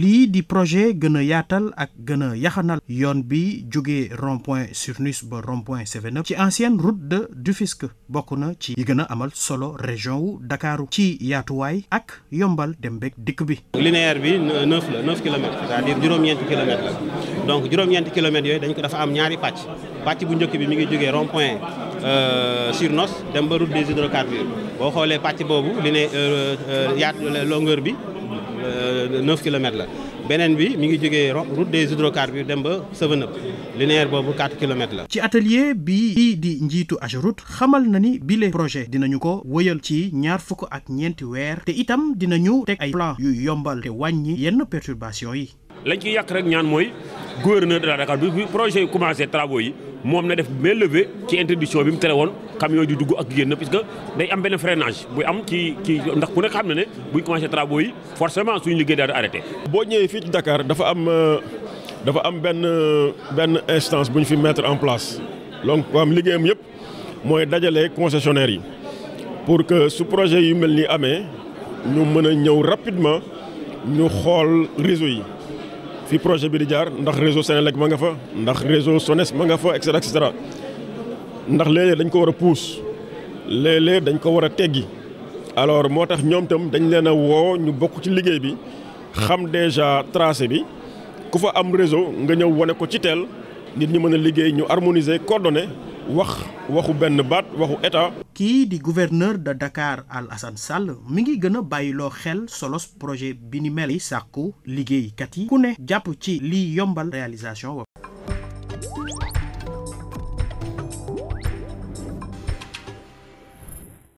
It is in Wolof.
lii di projet gëna yaatal ak gën a yoon bi jóge rond-point Surnus ba rond ci ancienne route de Rufisque bokk na ci yi gën a amal solo région wu Ndakaaru ci yaatuwaay ak yombal dem beeg dikk bi. linéaire bi neuf la neuf kilomètres juróom-ñeenti kilomètres la donc juróom-ñeenti kilomètres yooyu dañ ko dafa am ñaari pàcc pàcc bu njëkk bi mi ngi jógee rond Euh, Surnos dem ba route des hydrocarbures boo xoolee pàcc boobu li ne euh, euh, yaat longueur bi 9 kilomètres la beneen bi mi ngi jógee route des hydrocarbures dem ba Seveneup linéaire boobu 4 kilomètres la. ci atelier bi di njiitu Ageroute xamal na ni bile projet dinañu ko wëyal ci ñaar fukk ak ñeenti weer te itam dinañu teg ay plan yu yombal te wàññi yenn perturbation yi. lañ ci yàq rek ñaan mooy gouverneur de la Dakar bi projet yi commencé trabo yi. moom na def mais levé ci interdiction bi mu tere woon camion di dugg ak génn parce que day am benn freinage buy am ci ci ndax ku nekk xam na ne buñ commencé travaux yi forcément suñu liggéey daal di boo ñëwee fii Dakar dafa am euh, dafa am benn euh, benn instance bu ñu fi mettre en place donc am liggéeyam yëpp mooy dajale concessionnaires yi pour que su projet yu mel nii amee ñu mën a ñëw rapidement ñu xool réseau yi. fi projet bi di jaar ndax réseau Sénélec ma nga fa ndax réseau SONES ma nga fa et cetera et ndax léeg-léeg dañ ko war a puus léeg-léeg dañ ko war a teggi alors moo tax ñoom itam dañ leen a woo ñu bokk ci liggéey bi xam déjà tracé bi ku fa am réseau nga ñëw wane ko ci teel nit ñi mën a liggéey ñu harmoniser coordonné wax waxu benn baat waxu état. kii di gouverneur de Dakar Al Hassane Sall mi ngi gën a bàyyiloo xel solos projet bi ni meli sàkku liggéeykat yi ku ne jàpp ci liy yombal réalisation wa